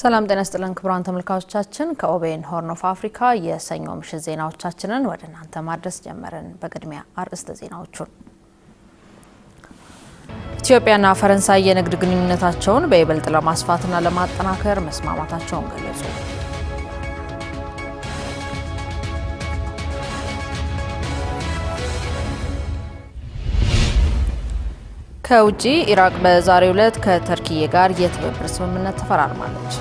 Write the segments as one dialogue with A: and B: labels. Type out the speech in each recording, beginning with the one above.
A: ሰላም ጤና ስጥልን ክቡራን ተመልካቾቻችን፣ ከኦቤን ሆርን ኦፍ አፍሪካ የሰኞ ምሽት ዜናዎቻችንን ወደ እናንተ ማድረስ ጀመርን። በቅድሚያ አርዕስተ ዜናዎቹን። ኢትዮጵያና ፈረንሳይ የንግድ ግንኙነታቸውን በይበልጥ ለማስፋትና ለማጠናከር መስማማታቸውን ገለጹ። ከውጪ ኢራቅ በዛሬው ዕለት ከተርኪዬ ጋር የትብብር ስምምነት ተፈራርማለች።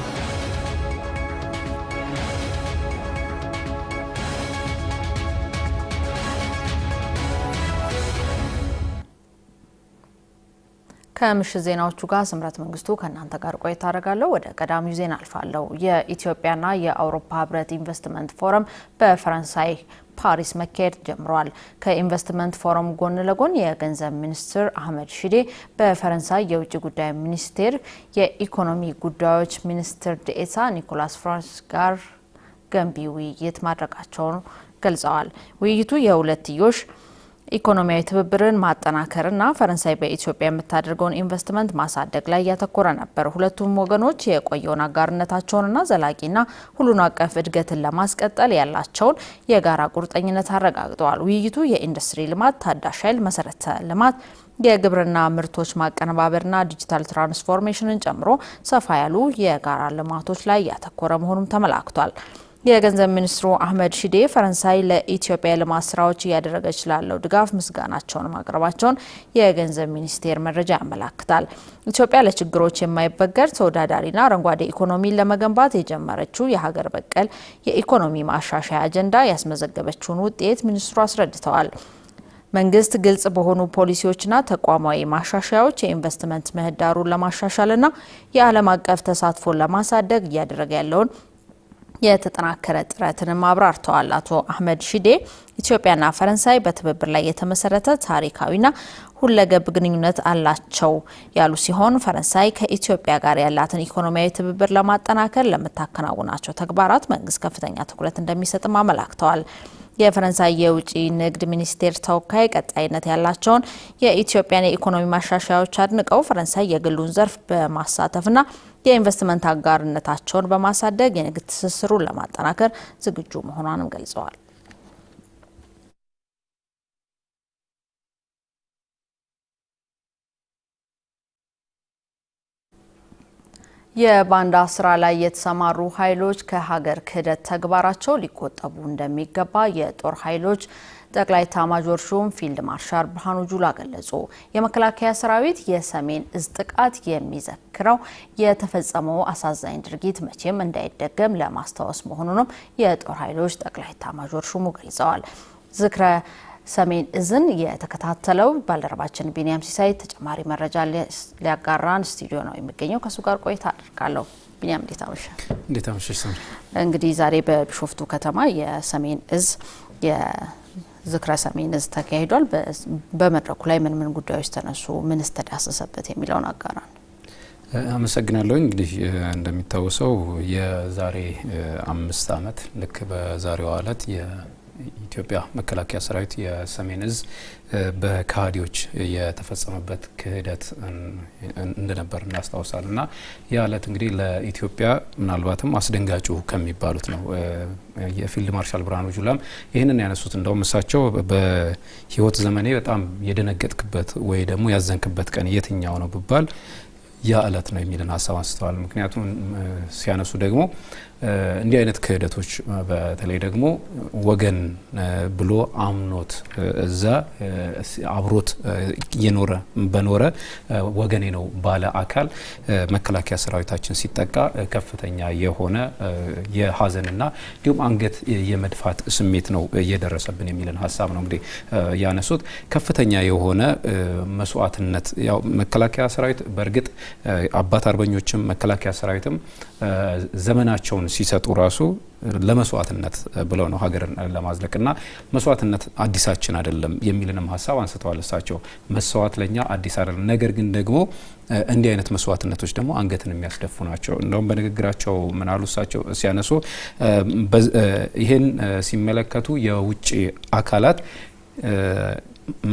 A: ከምሽት ዜናዎቹ ጋር ስምረት መንግስቱ ከእናንተ ጋር ቆይታ አደርጋለሁ። ወደ ቀዳሚው ዜና አልፋለሁ። የኢትዮጵያና የአውሮፓ ህብረት ኢንቨስትመንት ፎረም በፈረንሳይ ፓሪስ መካሄድ ጀምረዋል። ከኢንቨስትመንት ፎረም ጎን ለጎን የገንዘብ ሚኒስትር አህመድ ሺዴ በፈረንሳይ የውጭ ጉዳይ ሚኒስቴር የኢኮኖሚ ጉዳዮች ሚኒስትር ዴኤታ ኒኮላስ ፍራንስ ጋር ገንቢ ውይይት ማድረጋቸውን ገልጸዋል። ውይይቱ የሁለትዮሽ ኢኮኖሚያዊ ትብብርን ማጠናከርና ፈረንሳይ በኢትዮጵያ የምታደርገውን ኢንቨስትመንት ማሳደግ ላይ ያተኮረ ነበር። ሁለቱም ወገኖች የቆየውን አጋርነታቸውንና ዘላቂና ሁሉን አቀፍ እድገትን ለማስቀጠል ያላቸውን የጋራ ቁርጠኝነት አረጋግጠዋል። ውይይቱ የኢንዱስትሪ ልማት፣ ታዳሽ ኃይል፣ መሰረተ ልማት የግብርና ምርቶች ማቀነባበርና ዲጂታል ትራንስፎርሜሽንን ጨምሮ ሰፋ ያሉ የጋራ ልማቶች ላይ ያተኮረ መሆኑም ተመላክቷል። የገንዘብ ሚኒስትሩ አህመድ ሺዴ ፈረንሳይ ለኢትዮጵያ የልማት ስራዎች እያደረገች ላለው ድጋፍ ምስጋናቸውን ማቅረባቸውን የገንዘብ ሚኒስቴር መረጃ ያመላክታል። ኢትዮጵያ ለችግሮች የማይበገር ተወዳዳሪና አረንጓዴ ኢኮኖሚን ለመገንባት የጀመረችው የሀገር በቀል የኢኮኖሚ ማሻሻያ አጀንዳ ያስመዘገበችውን ውጤት ሚኒስትሩ አስረድተዋል። መንግስት ግልጽ በሆኑ ፖሊሲዎችና ተቋማዊ ማሻሻያዎች የኢንቨስትመንት ምህዳሩን ለማሻሻልና የዓለም አቀፍ ተሳትፎን ለማሳደግ እያደረገ ያለውን የተጠናከረ ጥረትንም አብራርተዋል። አቶ አህመድ ሺዴ ኢትዮጵያና ፈረንሳይ በትብብር ላይ የተመሰረተ ታሪካዊና ሁለገብ ግንኙነት አላቸው ያሉ ሲሆን ፈረንሳይ ከኢትዮጵያ ጋር ያላትን ኢኮኖሚያዊ ትብብር ለማጠናከር ለምታከናውናቸው ተግባራት መንግስት ከፍተኛ ትኩረት እንደሚሰጥም አመላክተዋል። የፈረንሳይ የውጭ ንግድ ሚኒስቴር ተወካይ ቀጣይነት ያላቸውን የኢትዮጵያን የኢኮኖሚ ማሻሻያዎች አድንቀው ፈረንሳይ የግሉን ዘርፍ በማሳተፍና የኢንቨስትመንት አጋርነታቸውን በማሳደግ የንግድ ትስስሩን ለማጠናከር ዝግጁ መሆኗንም ገልጸዋል። የባንዳ ስራ ላይ የተሰማሩ ኃይሎች ከሀገር ክህደት ተግባራቸው ሊቆጠቡ እንደሚገባ የጦር ኃይሎች ጠቅላይ ታማጆር ሹም ፊልድ ማርሻል ብርሃኑ ጁላ ገለጹ። የመከላከያ ሰራዊት የሰሜን እዝ ጥቃት የሚዘክረው የተፈጸመው አሳዛኝ ድርጊት መቼም እንዳይደገም ለማስታወስ መሆኑንም የጦር ኃይሎች ጠቅላይ ታማጆር ሹሙ ገልጸዋል። ዝክረ ሰሜን እዝን የተከታተለው ባልደረባችን ቢንያም ሲሳይ ተጨማሪ መረጃ ሊያጋራን ስቱዲዮ ነው የሚገኘው። ከእሱ ጋር ቆይታ አድርጋለሁ። ቢንያም እንዴት አመሸ? እንዴት አመሸሽ? እንግዲህ ዛሬ በቢሾፍቱ ከተማ የሰሜን እዝ ዝክረ ሰሜንዝ ተካሂዷል። በመድረኩ ላይ ምን ምን ጉዳዮች ተነሱ? ምንስ ተዳሰሰበት የሚለውን አጋራን።
B: አመሰግናለሁ። እንግዲህ እንደሚታወሰው የዛሬ አምስት ዓመት ልክ በዛሬዋ ዕለት የኢትዮጵያ መከላከያ ሰራዊት የሰሜን እዝ በካህዲዎች የተፈጸመበት ክህደት እንደነበር እናስታውሳል እና ያ ዕለት እንግዲህ ለኢትዮጵያ ምናልባትም አስደንጋጩ ከሚባሉት ነው። የፊልድ ማርሻል ብርሃኑ ጁላም ይህንን ያነሱት እንደውም እሳቸው በህይወት ዘመኔ በጣም የደነገጥክበት ወይ ደግሞ ያዘንክበት ቀን የትኛው ነው ብባል ያ እለት ነው የሚልን ሀሳብ አንስተዋል። ምክንያቱም ሲያነሱ ደግሞ እንዲህ አይነት ክህደቶች በተለይ ደግሞ ወገን ብሎ አምኖት እዛ አብሮት እየኖረ በኖረ ወገኔ ነው ባለ አካል መከላከያ ሰራዊታችን ሲጠቃ ከፍተኛ የሆነ የሀዘንና እንዲሁም አንገት የመድፋት ስሜት ነው እየደረሰብን የሚልን ሀሳብ ነው እንግዲህ ያነሱት። ከፍተኛ የሆነ መስዋዕትነት ያው መከላከያ ሰራዊት በእርግጥ አባት አርበኞችም መከላከያ ሰራዊትም ዘመናቸውን ሲሰጡ ራሱ ለመስዋዕትነት ብለው ነው ሀገርን ለማዝለቅና መስዋዕትነት አዲሳችን አይደለም የሚልንም ሀሳብ አንስተዋል። እሳቸው መስዋዕት ለኛ አዲስ አይደለም፣ ነገር ግን ደግሞ እንዲህ አይነት መስዋዕትነቶች ደግሞ አንገትን የሚያስደፉ ናቸው። እንደውም በንግግራቸው ምናሉ እሳቸው ሲያነሱ ይህን ሲመለከቱ የውጭ አካላት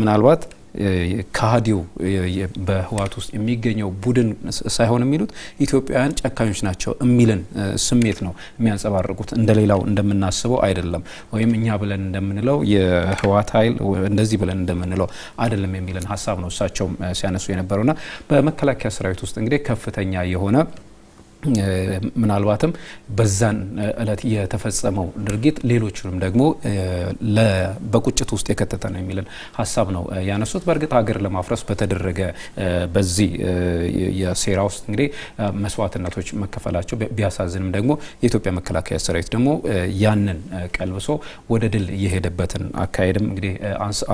B: ምናልባት ከሃዲው በህወሓት ውስጥ የሚገኘው ቡድን ሳይሆን የሚሉት ኢትዮጵያውያን ጨካኞች ናቸው የሚልን ስሜት ነው የሚያንጸባርቁት። እንደሌላው እንደምናስበው አይደለም፣ ወይም እኛ ብለን እንደምንለው የህወሓት ኃይል እንደዚህ ብለን እንደምንለው አይደለም የሚልን ሀሳብ ነው እሳቸውም ሲያነሱ የነበረውና በመከላከያ ሰራዊት ውስጥ እንግዲህ ከፍተኛ የሆነ ምናልባትም በዛን እለት የተፈጸመው ድርጊት ሌሎችንም ደግሞ በቁጭት ውስጥ የከተተ ነው የሚልን ሀሳብ ነው ያነሱት። በእርግጥ ሀገር ለማፍረስ በተደረገ በዚህ የሴራ ውስጥ እንግዲህ መስዋዕትነቶች መከፈላቸው ቢያሳዝንም ደግሞ የኢትዮጵያ መከላከያ ሰራዊት ደግሞ ያንን ቀልብሶ ወደ ድል የሄደበትን አካሄድም እንግዲህ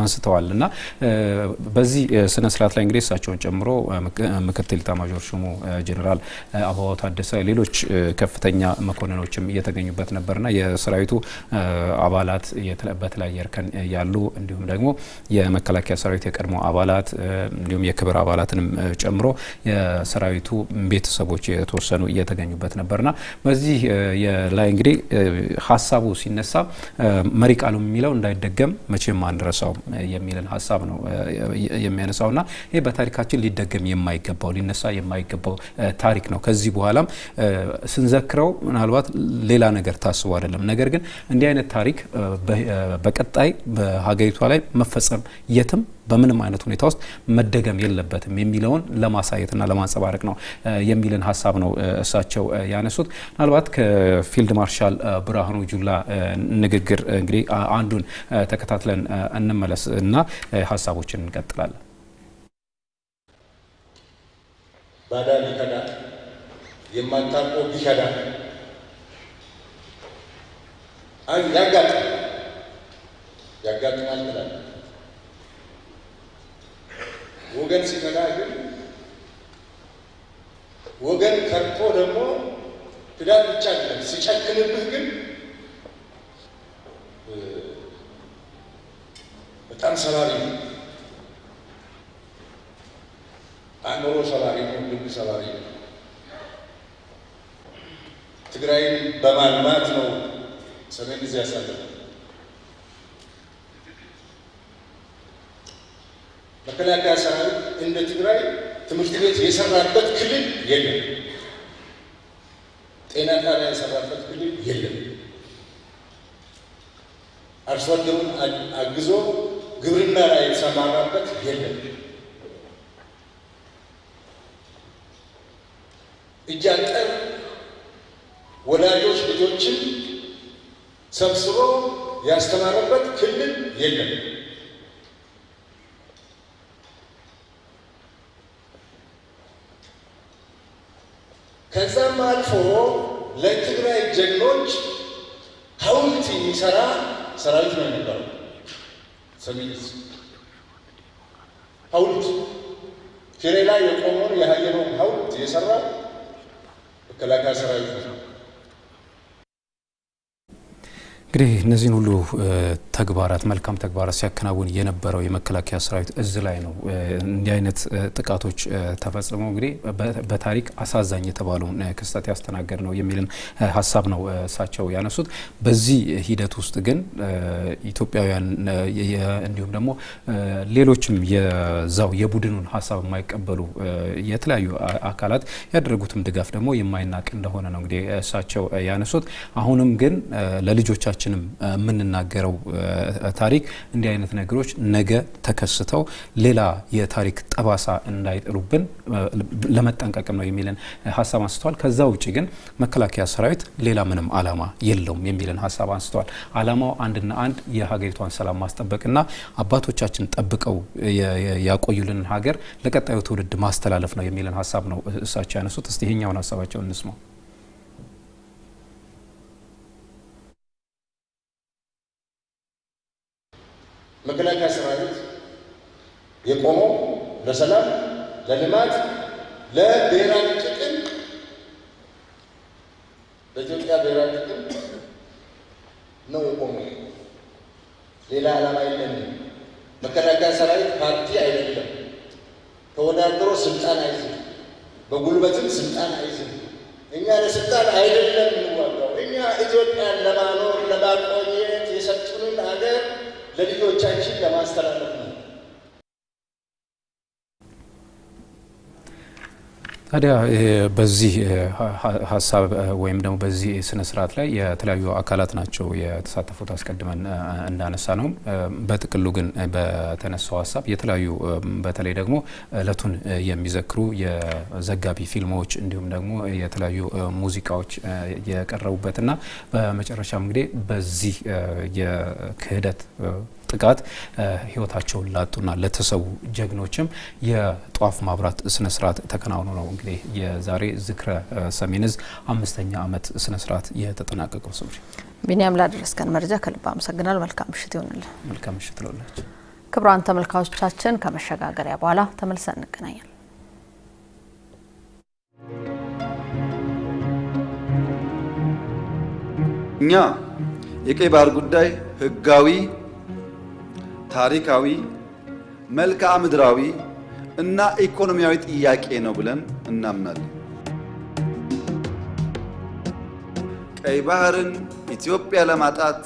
B: አንስተዋል እና በዚህ ስነስርዓት ላይ እንግዲህ እሳቸውን ጨምሮ ምክትል ኢታማዦር ሹሙ ጄኔራል አበባው ታደሰ፣ ሌሎች ከፍተኛ መኮንኖችም እየተገኙበት ነበርና የሰራዊቱ አባላት በተለያየ እርከን ያሉ እንዲሁም ደግሞ የመከላከያ ሰራዊት የቀድሞ አባላት እንዲሁም የክብር አባላትንም ጨምሮ የሰራዊቱ ቤተሰቦች የተወሰኑ እየተገኙበት ነበርና በዚህ ላይ እንግዲህ ሀሳቡ ሲነሳ መሪ ቃሉ የሚለው እንዳይደገም መቼም አንረሳውም የሚልን ሀሳብ ነው የሚያነሳውና ይህ በታሪካችን ሊደገም የማይገባው ሊነሳ የማይገባው ታሪክ ነው። ከዚህ በኋላ በኋላም ስንዘክረው ምናልባት ሌላ ነገር ታስቦ አይደለም። ነገር ግን እንዲህ አይነት ታሪክ በቀጣይ በሀገሪቷ ላይ መፈጸም የትም በምንም አይነት ሁኔታ ውስጥ መደገም የለበትም የሚለውን ለማሳየትና ለማንጸባረቅ ነው የሚልን ሀሳብ ነው እሳቸው ያነሱት። ምናልባት ከፊልድ ማርሻል ብርሃኑ ጁላ ንግግር እንግዲህ አንዱን ተከታትለን እንመለስ እና ሀሳቦችን እንቀጥላለን።
C: የማታውቀው ቢሸዳ ያጋጥማል ያጋጥማል ትላለህ። ወገን ሲመላ ግን ወገን ከርቶ ደግሞ ትዳር ብቻ አይደለም ሲጨክንብህ ግን በጣም ሰባሪ ነው። አእምሮ ሰባሪ ነው። ልብ ሰባሪ ነው። ትግራይን በማልማት ነው ሰሜን ጊዜ ያሳለፈ። መከላከያ ሰራዊት እንደ ትግራይ ትምህርት ቤት የሰራበት ክልል የለም። ጤና ጣቢያ የሰራበት ክልል የለም። አርሶ አደሩን አግዞ ግብርና ላይ የተሰማራበት የለም። እጅ አጠር ወላጆች ልጆችን ሰብስቦ ያስተማረበት ክልል የለም። ከዛም አልፎ ለትግራይ ጀግኖች ሐውልት የሚሰራ ሰራዊት ነው የነበረው። ሰሜን ሐውልት ፊሬ ላይ የቆመውን የሀየነውን ሐውልት የሰራ መከላከያ ሰራዊት ነው።
B: እንግዲህ እነዚህን ሁሉ ተግባራት መልካም ተግባራት ሲያከናውን የነበረው የመከላከያ ሰራዊት እዝ ላይ ነው እንዲህ አይነት ጥቃቶች ተፈጽመው እንግዲህ በታሪክ አሳዛኝ የተባለውን ክስተት ያስተናገድ ነው የሚልን ሀሳብ ነው እሳቸው ያነሱት። በዚህ ሂደት ውስጥ ግን ኢትዮጵያውያን እንዲሁም ደግሞ ሌሎችም የዛው የቡድኑን ሀሳብ የማይቀበሉ የተለያዩ አካላት ያደረጉትም ድጋፍ ደግሞ የማይናቅ እንደሆነ ነው እንግዲህ እሳቸው ያነሱት። አሁንም ግን ለልጆቻቸው ሁላችንም የምንናገረው ታሪክ እንዲህ አይነት ነገሮች ነገ ተከስተው ሌላ የታሪክ ጠባሳ እንዳይጥሉብን ለመጠንቀቅም ነው የሚልን ሀሳብ አንስተዋል። ከዛ ውጭ ግን መከላከያ ሰራዊት ሌላ ምንም አላማ የለውም የሚልን ሀሳብ አንስተዋል። አላማው አንድና አንድ የሀገሪቷን ሰላም ማስጠበቅና አባቶቻችን ጠብቀው ያቆዩልንን ሀገር ለቀጣዩ ትውልድ ማስተላለፍ ነው የሚልን ሀሳብ ነው እሳቸው ያነሱት። እስቲ ይሄኛውን ሀሳባቸውን እንስማው።
C: መከላከያ ሰራዊት የቆመው ለሰላም፣ ለልማት፣ ለብሔራዊ ጥቅም በኢትዮጵያ ብሔራዊ ጥቅም ነው የቆመው። ሌላ ዓላማ የለም። መከላከያ ሰራዊት ፓርቲ አይደለም። ተወዳድሮ ስልጣን አይዝም፣ በጉልበትም ስልጣን አይዝም። እኛ ለስልጣን አይደለም እንዋጋው። እኛ ኢትዮጵያን ለማኖር ለማቆየት የሰጡንን ሀገር ለልጆቻችን ለማስተላለፍ
B: ታዲያ በዚህ ሀሳብ ወይም ደግሞ በዚህ ስነ ስርዓት ላይ የተለያዩ አካላት ናቸው የተሳተፉት። አስቀድመን እንዳነሳ ነው። በጥቅሉ ግን በተነሳው ሀሳብ የተለያዩ በተለይ ደግሞ እለቱን የሚዘክሩ የዘጋቢ ፊልሞች እንዲሁም ደግሞ የተለያዩ ሙዚቃዎች የቀረቡበትና በመጨረሻም እንግዲህ በዚህ የክህደት ጥቃት ህይወታቸውን ላጡና ለተሰዉ ጀግኖችም የጧፍ ማብራት ስነስርዓት ተከናውኖ ነው እንግዲህ የዛሬ ዝክረ ሰሜን አምስተኛ ዓመት ስነስርዓት የተጠናቀቀው። ስምሪ
A: ቢኒያም ላደረስከን መረጃ ከልብ አመሰግናል። መልካም ምሽት ይሆንል።
B: መልካም ምሽት ለላቸው።
A: ክቡራን ተመልካቾቻችን ከመሸጋገሪያ በኋላ ተመልሰን እንገናኛለን።
C: እኛ የቀይ ባህር ጉዳይ ህጋዊ ታሪካዊ፣ መልክዓ ምድራዊ እና ኢኮኖሚያዊ ጥያቄ ነው ብለን እናምናለን። ቀይ ባህርን ኢትዮጵያ ለማጣት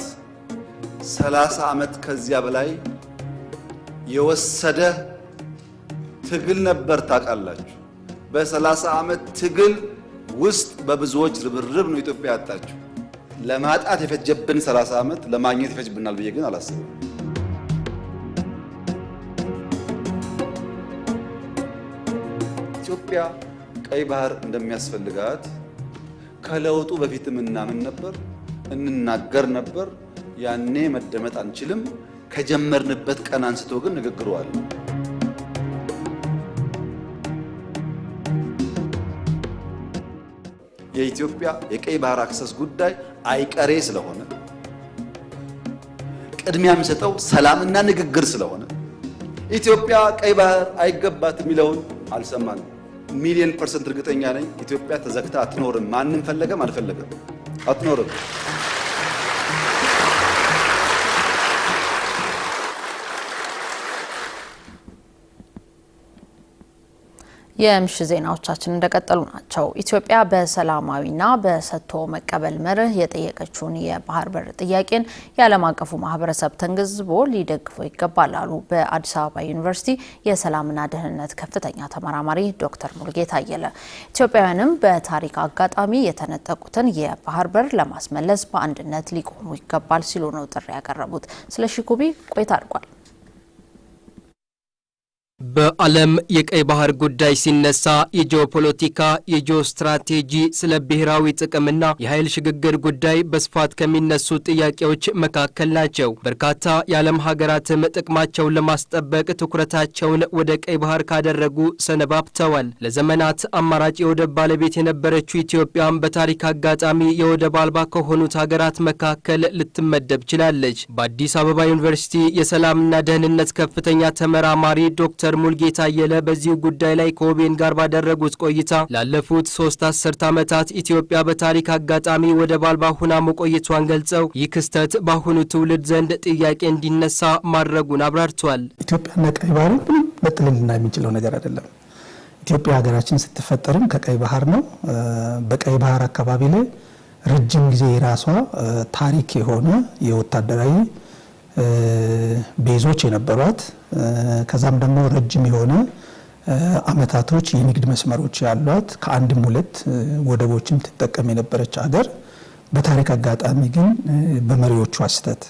C: 30 ዓመት ከዚያ በላይ የወሰደ ትግል ነበር። ታውቃላችሁ። በ30 ዓመት ትግል ውስጥ በብዙዎች ርብርብ ነው ኢትዮጵያ ያጣችሁ። ለማጣት የፈጀብን 30 ዓመት ለማግኘት ይፈጅብናል ብዬ ግን አላስብም። ኢትዮጵያ ቀይ ባህር እንደሚያስፈልጋት ከለውጡ በፊትም እናምን ነበር፣ እንናገር ነበር። ያኔ መደመጥ አንችልም። ከጀመርንበት ቀን አንስቶ ግን ንግግሩ አለ። የኢትዮጵያ የቀይ ባህር አክሰስ ጉዳይ አይቀሬ ስለሆነ ቅድሚያ የሚሰጠው ሰላምና ንግግር ስለሆነ ኢትዮጵያ ቀይ ባህር አይገባትም የሚለውን አልሰማንም። ሚሊየን ፐርሰንት እርግጠኛ ነኝ ኢትዮጵያ ተዘግታ አትኖርም። ማንም ፈለገም አልፈለገም አትኖርም።
A: የምሽት ዜናዎቻችን እንደቀጠሉ ናቸው። ኢትዮጵያ በሰላማዊና በሰጥቶ መቀበል መርህ የጠየቀችውን የባህር በር ጥያቄን የዓለም አቀፉ ማህበረሰብ ተንግዝቦ ሊደግፈው ይገባል አሉ በአዲስ አበባ ዩኒቨርሲቲ የሰላምና ደህንነት ከፍተኛ ተመራማሪ ዶክተር ሙልጌታ አየለ። ኢትዮጵያውያንም በታሪክ አጋጣሚ የተነጠቁትን የባህር በር ለማስመለስ በአንድነት ሊቆሙ ይገባል ሲሉ ነው ጥሪ ያቀረቡት። ስለ ሺኩቢ ቆይታ አድርጓል።
D: በዓለም የቀይ ባህር ጉዳይ ሲነሳ የጂኦፖለቲካ፣ የጂኦስትራቴጂ፣ ስለ ብሔራዊ ጥቅምና የኃይል ሽግግር ጉዳይ በስፋት ከሚነሱ ጥያቄዎች መካከል ናቸው። በርካታ የዓለም ሀገራትም ጥቅማቸውን ለማስጠበቅ ትኩረታቸውን ወደ ቀይ ባህር ካደረጉ ሰነባብተዋል። ለዘመናት አማራጭ የወደብ ባለቤት የነበረችው ኢትዮጵያም በታሪክ አጋጣሚ የወደብ አልባ ከሆኑት ሀገራት መካከል ልትመደብ ችላለች። በአዲስ አበባ ዩኒቨርሲቲ የሰላምና ደህንነት ከፍተኛ ተመራማሪ ዶክተር ዶክተር ሙልጌታ አየለ በዚሁ ጉዳይ ላይ ከኦቤን ጋር ባደረጉት ቆይታ ላለፉት ሶስት አስርት ዓመታት ኢትዮጵያ በታሪክ አጋጣሚ ወደብ አልባ ሁና መቆየቷን ገልጸው ይህ ክስተት በአሁኑ ትውልድ ዘንድ ጥያቄ እንዲነሳ ማድረጉን አብራርቷል።
E: ኢትዮጵያና ቀይ ባህር ምንም በጥልና የሚችለው ነገር አይደለም። ኢትዮጵያ ሀገራችን ስትፈጠርም ከቀይ ባህር ነው። በቀይ ባህር አካባቢ ላይ ረጅም ጊዜ የራሷ ታሪክ የሆነ የወታደራዊ ቤዞች የነበሯት ከዛም ደግሞ ረጅም የሆነ አመታቶች የንግድ መስመሮች ያሏት ከአንድም ሁለት ወደቦችም ትጠቀም የነበረች አገር በታሪክ አጋጣሚ ግን በመሪዎቿ ስህተት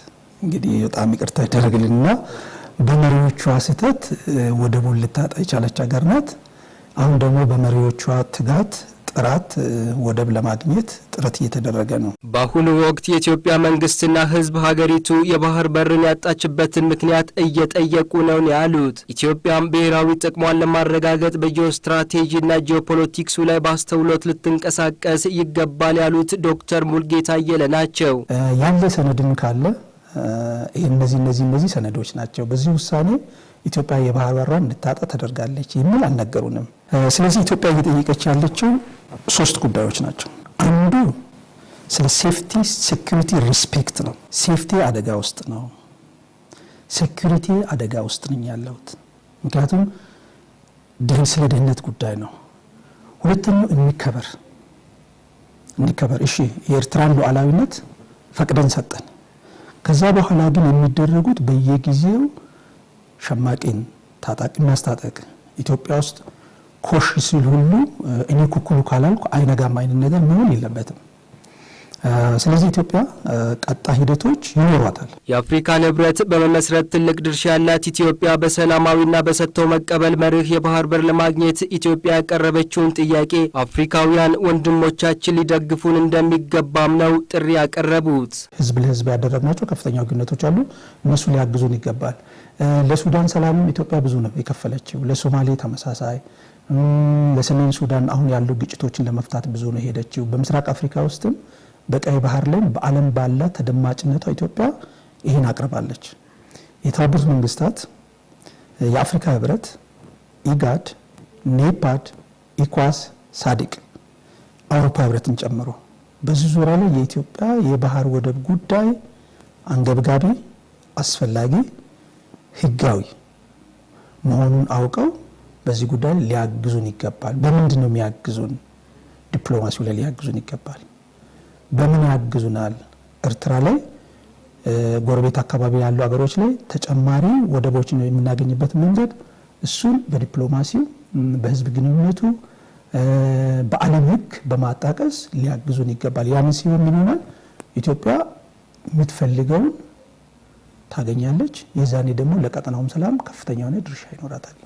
E: እንግዲህ በጣም ይቅርታ ይደረግልንና በመሪዎቿ ስህተት ወደቡን ልታጣ የቻለች ሀገር ናት። አሁን ደግሞ በመሪዎቿ ትጋት ጥራት ወደብ ለማግኘት ጥረት እየተደረገ ነው።
D: በአሁኑ ወቅት የኢትዮጵያ መንግስትና ህዝብ ሀገሪቱ የባህር በርን ያጣችበትን ምክንያት እየጠየቁ ነው ያሉት። ኢትዮጵያም ብሔራዊ ጥቅሟን ለማረጋገጥ በጂኦ ስትራቴጂና ጂኦፖለቲክሱ ላይ በአስተውሎት ልትንቀሳቀስ ይገባል ያሉት ዶክተር ሙልጌታ አየለ ናቸው። ያለ ሰነድም
E: ካለ እነዚህ እነዚህ እነዚህ ሰነዶች ናቸው። በዚህ ውሳኔ ኢትዮጵያ የባህር በሯን እንድታጣ ተደርጋለች የሚል አልነገሩንም። ስለዚህ ኢትዮጵያ እየጠየቀች ያለችው ሶስት ጉዳዮች ናቸው። አንዱ ስለ ሴፍቲ ሴኩሪቲ ሪስፔክት ነው። ሴፍቲ አደጋ ውስጥ ነው። ሴኩሪቲ አደጋ ውስጥ ነኝ ያለሁት ምክንያቱም ስለ ደህንነት ጉዳይ ነው። ሁለተኛው እንከበር እንከበር። እሺ የኤርትራን ሉዓላዊነት ፈቅደን ሰጠን። ከዛ በኋላ ግን የሚደረጉት በየጊዜው ሸማቂን ታጣቂ ማስታጠቅ ኢትዮጵያ ውስጥ ኮሽ ሲል ሁሉ እኔ ኩኩሉ ካላልኩ አይነጋም አይነት ነገር መሆን የለበትም። ስለዚህ ኢትዮጵያ ቀጣ ሂደቶች ይኖሯታል። የአፍሪካ
D: ህብረት በመመስረት ትልቅ ድርሻ ያላት ኢትዮጵያ በሰላማዊና በሰጥቶ መቀበል መርህ የባህር በር ለማግኘት ኢትዮጵያ ያቀረበችውን ጥያቄ አፍሪካውያን ወንድሞቻችን ሊደግፉን እንደሚገባም ነው ጥሪ ያቀረቡት። ህዝብ ለህዝብ
E: ያደረግናቸው ከፍተኛ ግንኙነቶች አሉ። እነሱ ሊያግዙን ይገባል። ለሱዳን ሰላምም ኢትዮጵያ ብዙ ነው የከፈለችው። ለሶማሌ ተመሳሳይ ለሰሜን ሱዳን አሁን ያሉ ግጭቶችን ለመፍታት ብዙ ነው የሄደችው። በምስራቅ አፍሪካ ውስጥም በቀይ ባህር ላይ በዓለም ባለ ተደማጭነቷ ኢትዮጵያ ይህን አቅርባለች። የተባበሩት መንግስታት፣ የአፍሪካ ህብረት፣ ኢጋድ፣ ኔፓድ፣ ኢኳስ፣ ሳዲቅ፣ አውሮፓ ህብረትን ጨምሮ በዚህ ዙሪያ ላይ የኢትዮጵያ የባህር ወደብ ጉዳይ አንገብጋቢ፣ አስፈላጊ፣ ህጋዊ መሆኑን አውቀው በዚህ ጉዳይ ሊያግዙን ይገባል። በምንድን ነው የሚያግዙን? ዲፕሎማሲው ላይ ሊያግዙን ይገባል። በምን ያግዙናል? ኤርትራ ላይ ጎረቤት አካባቢ ያሉ ሀገሮች ላይ ተጨማሪ ወደቦችን የምናገኝበት መንገድ እሱን በዲፕሎማሲው በህዝብ ግንኙነቱ በዓለም ህግ በማጣቀስ ሊያግዙን ይገባል። ያምን ሲሆን ምን ይሆናል? ኢትዮጵያ የምትፈልገውን ታገኛለች። የዛኔ ደግሞ ለቀጠናውም ሰላም ከፍተኛ የሆነ ድርሻ ይኖራታል።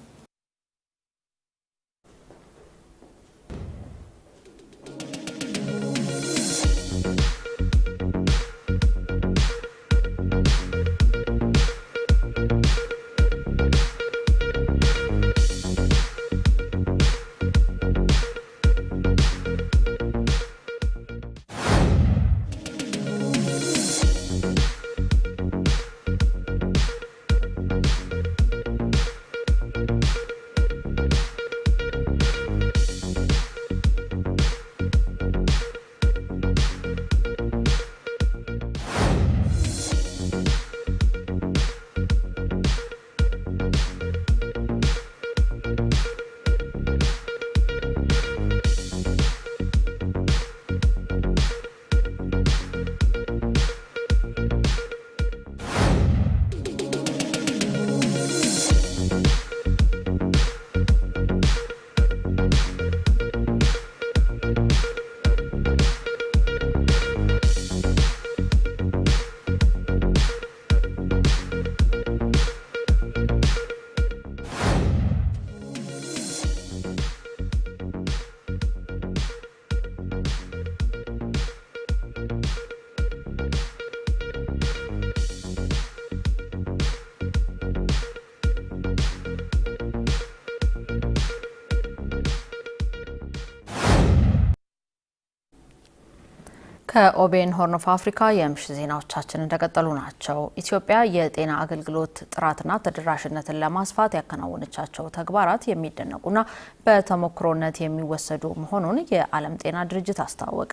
A: ከኦቤን ሆርን ኦፍ አፍሪካ የምሽት ዜናዎቻችን እንደቀጠሉ ናቸው። ኢትዮጵያ የጤና አገልግሎት ጥራትና ተደራሽነትን ለማስፋት ያከናወነቻቸው ተግባራት የሚደነቁና በተሞክሮነት የሚወሰዱ መሆኑን የዓለም ጤና ድርጅት አስታወቀ።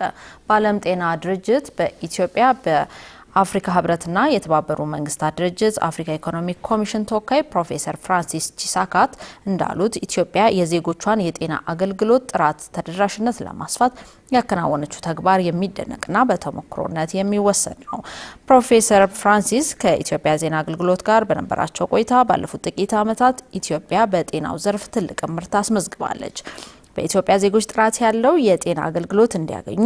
A: በዓለም ጤና ድርጅት በኢትዮጵያ በ አፍሪካ ህብረትና የተባበሩ መንግስታት ድርጅት አፍሪካ ኢኮኖሚክ ኮሚሽን ተወካይ ፕሮፌሰር ፍራንሲስ ቺሳካት እንዳሉት ኢትዮጵያ የዜጎቿን የጤና አገልግሎት ጥራት ተደራሽነት ለማስፋት ያከናወነችው ተግባር የሚደነቅና በተሞክሮነት የሚወሰድ ነው። ፕሮፌሰር ፍራንሲስ ከኢትዮጵያ ዜና አገልግሎት ጋር በነበራቸው ቆይታ ባለፉት ጥቂት ዓመታት ኢትዮጵያ በጤናው ዘርፍ ትልቅ ምርት አስመዝግባለች። በኢትዮጵያ ዜጎች ጥራት ያለው የጤና አገልግሎት እንዲያገኙ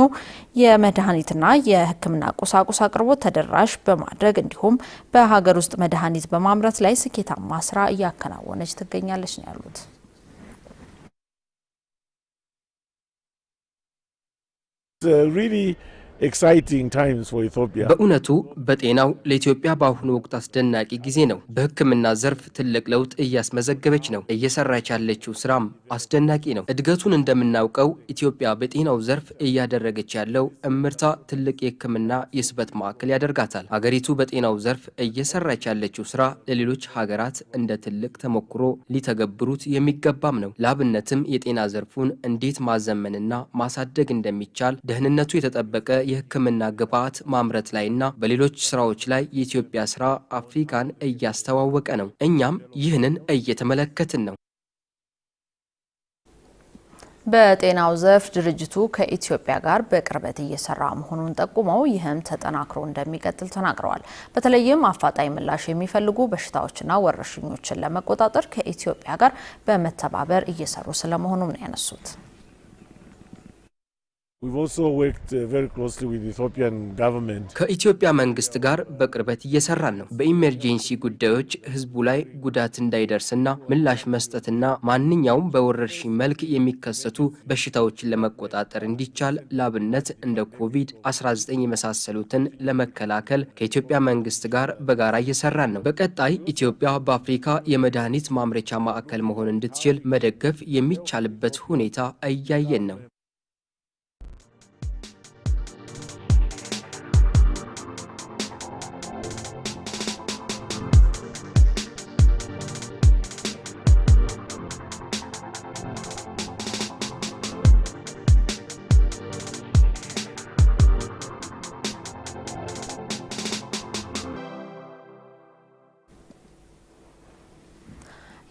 A: የመድኃኒትና የሕክምና ቁሳቁስ አቅርቦት ተደራሽ በማድረግ እንዲሁም በሀገር ውስጥ መድኃኒት በማምረት ላይ ስኬታማ ስራ እያከናወነች ትገኛለች ነው ያሉት።
F: really
D: በእውነቱ በጤናው ለኢትዮጵያ በአሁኑ ወቅት አስደናቂ ጊዜ ነው። በሕክምና ዘርፍ ትልቅ ለውጥ እያስመዘገበች ነው። እየሰራች ያለችው ስራም አስደናቂ ነው። እድገቱን እንደምናውቀው ኢትዮጵያ በጤናው ዘርፍ እያደረገች ያለው እምርታ ትልቅ የሕክምና የስበት ማዕከል ያደርጋታል። ሀገሪቱ በጤናው ዘርፍ እየሰራች ያለችው ስራ ለሌሎች ሀገራት እንደ ትልቅ ተሞክሮ ሊተገብሩት የሚገባም ነው። ለአብነትም የጤና ዘርፉን እንዴት ማዘመንና ማሳደግ እንደሚቻል ደህንነቱ የተጠበቀ የህክምና ግብዓት ማምረት ላይና በሌሎች ስራዎች ላይ የኢትዮጵያ ስራ አፍሪካን እያስተዋወቀ ነው። እኛም ይህንን እየተመለከትን ነው።
A: በጤናው ዘርፍ ድርጅቱ ከኢትዮጵያ ጋር በቅርበት እየሰራ መሆኑን ጠቁመው ይህም ተጠናክሮ እንደሚቀጥል ተናግረዋል። በተለይም አፋጣኝ ምላሽ የሚፈልጉ በሽታዎችና ወረርሽኞችን ለመቆጣጠር ከኢትዮጵያ ጋር በመተባበር እየሰሩ ስለመሆኑም ነው ያነሱት።
F: Uh,
D: ከኢትዮጵያ መንግስት ጋር በቅርበት እየሰራን ነው። በኢመርጀንሲ ጉዳዮች ህዝቡ ላይ ጉዳት እንዳይደርስና ምላሽ መስጠትና ማንኛውም በወረርሽኝ መልክ የሚከሰቱ በሽታዎችን ለመቆጣጠር እንዲቻል ላብነት እንደ ኮቪድ-19 የመሳሰሉትን ለመከላከል ከኢትዮጵያ መንግስት ጋር በጋራ እየሰራን ነው። በቀጣይ ኢትዮጵያ በአፍሪካ የመድኃኒት ማምረቻ ማዕከል መሆን እንድትችል መደገፍ የሚቻልበት ሁኔታ እያየን ነው።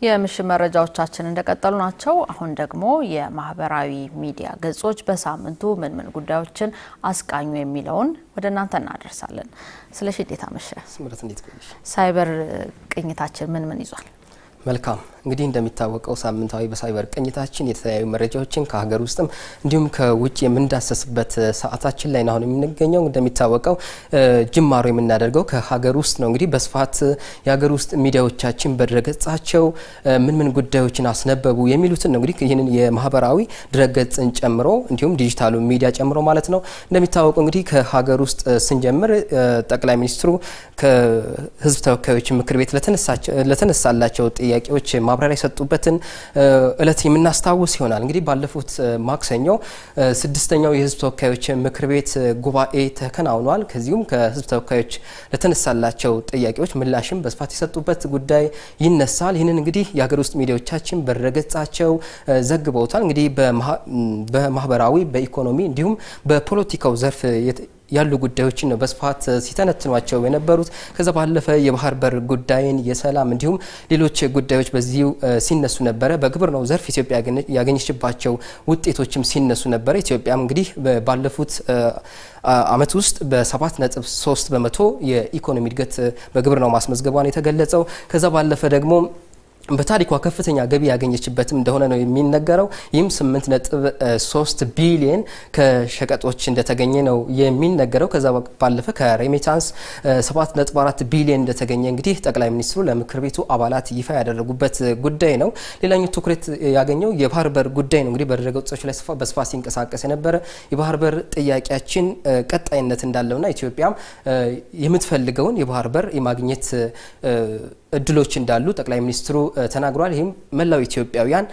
A: የምሽት መረጃዎቻችን እንደቀጠሉ ናቸው። አሁን ደግሞ የማህበራዊ ሚዲያ ገጾች በሳምንቱ ምን ምን ጉዳዮችን አስቃኙ የሚለውን ወደ እናንተ እናደርሳለን። ስለሺ እንዴት አመሸህ? ሳይበር ቅኝታችን ምን ምን ይዟል?
B: መልካም እንግዲህ እንደሚታወቀው ሳምንታዊ በሳይበር ቅኝታችን የተለያዩ መረጃዎችን ከሀገር ውስጥም እንዲሁም ከውጭ የምንዳሰስበት ሰዓታችን ላይ አሁን የምንገኘው። እንደሚታወቀው ጅማሮ የምናደርገው ከሀገር ውስጥ ነው። እንግዲህ በስፋት የሀገር ውስጥ ሚዲያዎቻችን በድረገጻቸው ምን ምን ጉዳዮችን አስነበቡ የሚሉትን ነው። እንግዲህ ይህንን የማህበራዊ ድረገጽን ጨምሮ እንዲሁም ዲጂታሉ ሚዲያ ጨምሮ ማለት ነው። እንደሚታወቀው እንግዲህ ከሀገር ውስጥ ስንጀምር ጠቅላይ ሚኒስትሩ ከህዝብ ተወካዮች ምክር ቤት ለተነሳላቸው ጥያቄዎች ማብራሪያ የሰጡበትን እለት የምናስታውስ ይሆናል። እንግዲህ ባለፉት ማክሰኞ ስድስተኛው የህዝብ ተወካዮች ምክር ቤት ጉባኤ ተከናውኗል። ከዚሁም ከህዝብ ተወካዮች ለተነሳላቸው ጥያቄዎች ምላሽም በስፋት የሰጡበት ጉዳይ ይነሳል። ይህንን እንግዲህ የሀገር ውስጥ ሚዲያዎቻችን በድረገጻቸው ዘግበውታል። እንግዲህ በማህበራዊ በኢኮኖሚ እንዲሁም በፖለቲካው ዘርፍ ያሉ ጉዳዮችን ነው በስፋት ሲተነትኗቸው የነበሩት። ከዛ ባለፈ የባህር በር ጉዳይን፣ የሰላም እንዲሁም ሌሎች ጉዳዮች በዚሁ ሲነሱ ነበረ። በግብርናው ዘርፍ ኢትዮጵያ ያገኘችባቸው ውጤቶችም ሲነሱ ነበረ። ኢትዮጵያም እንግዲህ ባለፉት ዓመት ውስጥ በ7.3 በመቶ የኢኮኖሚ እድገት በግብርናው ማስመዝገቧን የተገለጸው ከዛ ባለፈ ደግሞ በታሪኳ ከፍተኛ ገቢ ያገኘችበትም እንደሆነ ነው የሚነገረው። ይህም 8.3 ቢሊየን ከሸቀጦች እንደተገኘ ነው የሚነገረው። ከዛ ባለፈ ከሬሜታንስ 7.4 ቢሊየን እንደተገኘ እንግዲህ ጠቅላይ ሚኒስትሩ ለምክር ቤቱ አባላት ይፋ ያደረጉበት ጉዳይ ነው። ሌላኛው ትኩረት ያገኘው የባህር በር ጉዳይ ነው። እንግዲህ በደረገ ገጾች ላይ በስፋት ሲንቀሳቀስ የነበረ የባህር በር ጥያቄያችን ቀጣይነት እንዳለውና ኢትዮጵያም የምትፈልገውን የባህር በር የማግኘት እድሎች እንዳሉ ጠቅላይ ሚኒስትሩ ተናግሯል። ይህም መላው ኢትዮጵያውያን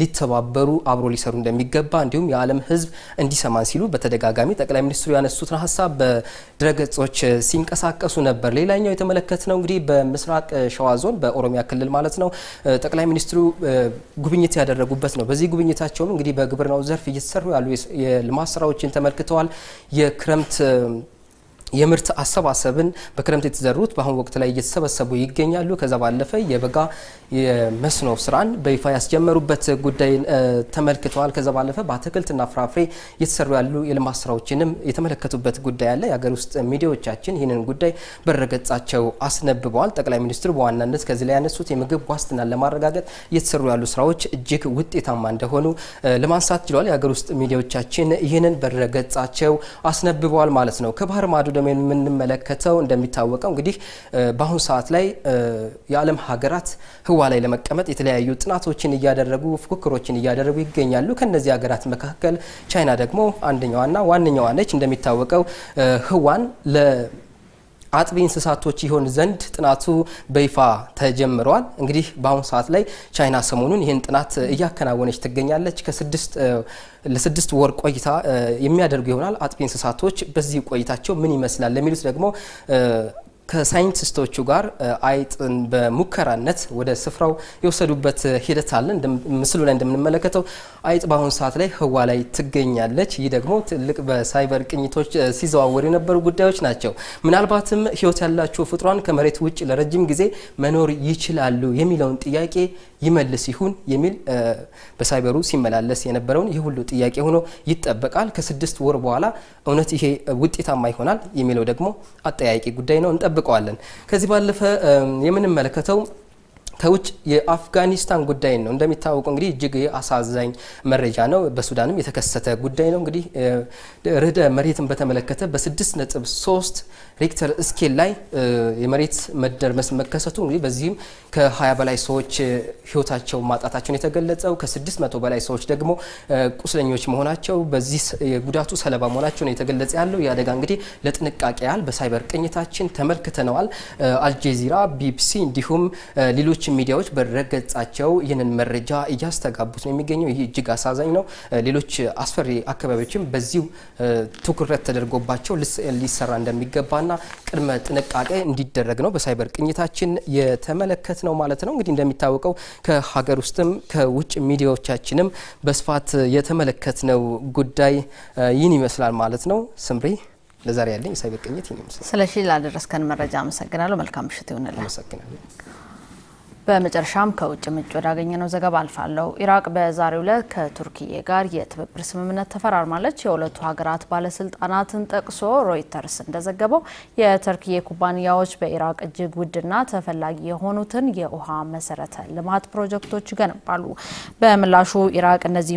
B: ሊተባበሩ አብሮ ሊሰሩ እንደሚገባ እንዲሁም የዓለም ሕዝብ እንዲሰማን ሲሉ በተደጋጋሚ ጠቅላይ ሚኒስትሩ ያነሱትን ሀሳብ በድረገጾች ሲንቀሳቀሱ ነበር። ሌላኛው የተመለከትነው እንግዲህ በምስራቅ ሸዋ ዞን በኦሮሚያ ክልል ማለት ነው ጠቅላይ ሚኒስትሩ ጉብኝት ያደረጉበት ነው። በዚህ ጉብኝታቸውም እንግዲህ በግብርናው ዘርፍ እየተሰሩ ያሉ የልማት ስራዎችን ተመልክተዋል። የክረምት የምርት አሰባሰብን በክረምት የተዘሩት በአሁኑ ወቅት ላይ እየተሰበሰቡ ይገኛሉ። ከዛ ባለፈ የበጋ የመስኖ ስራን በይፋ ያስጀመሩበት ጉዳይ ተመልክተዋል። ከዛ ባለፈ በአትክልትና ፍራፍሬ እየተሰሩ ያሉ የልማት ስራዎችንም የተመለከቱበት ጉዳይ አለ። የሀገር ውስጥ ሚዲያዎቻችን ይህንን ጉዳይ በረገጻቸው አስነብበዋል። ጠቅላይ ሚኒስትሩ በዋናነት ከዚህ ላይ ያነሱት የምግብ ዋስትናን ለማረጋገጥ እየተሰሩ ያሉ ስራዎች እጅግ ውጤታማ እንደሆኑ ለማንሳት ችለዋል። የሀገር ውስጥ ሚዲያዎቻችን ይህንን በረገጻቸው አስነብበዋል ማለት ነው። ከባህር ማዶ ነው የምንመለከተው። እንደሚታወቀው እንግዲህ በአሁኑ ሰዓት ላይ የዓለም ሀገራት ህዋ ላይ ለመቀመጥ የተለያዩ ጥናቶችን እያደረጉ ፉክክሮችን እያደረጉ ይገኛሉ። ከነዚህ ሀገራት መካከል ቻይና ደግሞ አንደኛዋና ዋነኛዋ ነች። እንደሚታወቀው ህዋን አጥቢ እንስሳቶች ይሆን ዘንድ ጥናቱ በይፋ ተጀምረዋል። እንግዲህ በአሁኑ ሰዓት ላይ ቻይና ሰሞኑን ይህን ጥናት እያከናወነች ትገኛለች። ከስድስት ለስድስት ወር ቆይታ የሚያደርጉ ይሆናል። አጥቢ እንስሳቶች በዚህ ቆይታቸው ምን ይመስላል ለሚሉት ደግሞ ከሳይንቲስቶቹ ጋር አይጥን በሙከራነት ወደ ስፍራው የወሰዱበት ሂደት አለ። ምስሉ ላይ እንደምንመለከተው አይጥ በአሁኑ ሰዓት ላይ ህዋ ላይ ትገኛለች። ይህ ደግሞ ትልቅ በሳይበር ቅኝቶች ሲዘዋወሩ የነበሩ ጉዳዮች ናቸው። ምናልባትም ህይወት ያላቸው ፍጥሯን ከመሬት ውጭ ለረጅም ጊዜ መኖር ይችላሉ የሚለውን ጥያቄ ይመልስ ይሁን የሚል በሳይበሩ ሲመላለስ የነበረውን ይህ ሁሉ ጥያቄ ሆኖ ይጠበቃል። ከስድስት ወር በኋላ እውነት ይሄ ውጤታማ ይሆናል የሚለው ደግሞ አጠያቂ ጉዳይ ነው። እንጠብቀዋለን። ከዚህ ባለፈ የምንመለከተው ተውጭ የአፍጋኒስታን ጉዳይ ነው። እንደሚታወቀው እንግዲህ እጅግ አሳዛኝ መረጃ ነው። በሱዳንም የተከሰተ ጉዳይ ነው። እንግዲህ ርዕደ መሬትን በተመለከተ በ6.3 ሪክተር ስኬል ላይ የመሬት መደርመስ መከሰቱ እንግዲህ በዚህም ከ20 በላይ ሰዎች ህይወታቸው ማጣታቸውን የተገለጸው ከ600 በላይ ሰዎች ደግሞ ቁስለኞች መሆናቸው በዚህ የጉዳቱ ሰለባ መሆናቸው ነው የተገለጸ ያለው። የአደጋ እንግዲህ ለጥንቃቄ ያህል በሳይበር ቅኝታችን ተመልክተነዋል። አልጄዚራ፣ ቢቢሲ እንዲሁም ሌሎች ሚዲያዎች በረገጻቸው ይህንን መረጃ እያስተጋቡት ነው የሚገኘው። ይህ እጅግ አሳዛኝ ነው። ሌሎች አስፈሪ አካባቢዎችም በዚሁ ትኩረት ተደርጎባቸው ሊሰራ እንደሚገባና ቅድመ ጥንቃቄ እንዲደረግ ነው በሳይበር ቅኝታችን የተመለከት ነው ማለት ነው። እንግዲህ እንደሚታወቀው ከሀገር ውስጥም ከውጭ ሚዲያዎቻችንም በስፋት የተመለከትነው ጉዳይ ይህን ይመስላል ማለት ነው። ስምሪ ለዛሬ ያለኝ የሳይበር ቅኝት ይህን ይመስላል። ስለሺ
A: ላደረስከን መረጃ አመሰግናለሁ። መልካም ምሽት ይሆንላል። አመሰግናለሁ። በመጨረሻም ከውጭ ምንጭ ወዳገኘነው ዘገባ አልፋለሁ። ኢራቅ በዛሬው ዕለት ከቱርክዬ ጋር የትብብር ስምምነት ተፈራርማለች። የሁለቱ ሀገራት ባለስልጣናትን ጠቅሶ ሮይተርስ እንደዘገበው የተርክዬ ኩባንያዎች በኢራቅ እጅግ ውድና ተፈላጊ የሆኑትን የውሃ መሰረተ ልማት ፕሮጀክቶች ይገነባሉ። በምላሹ ኢራቅ እነዚህ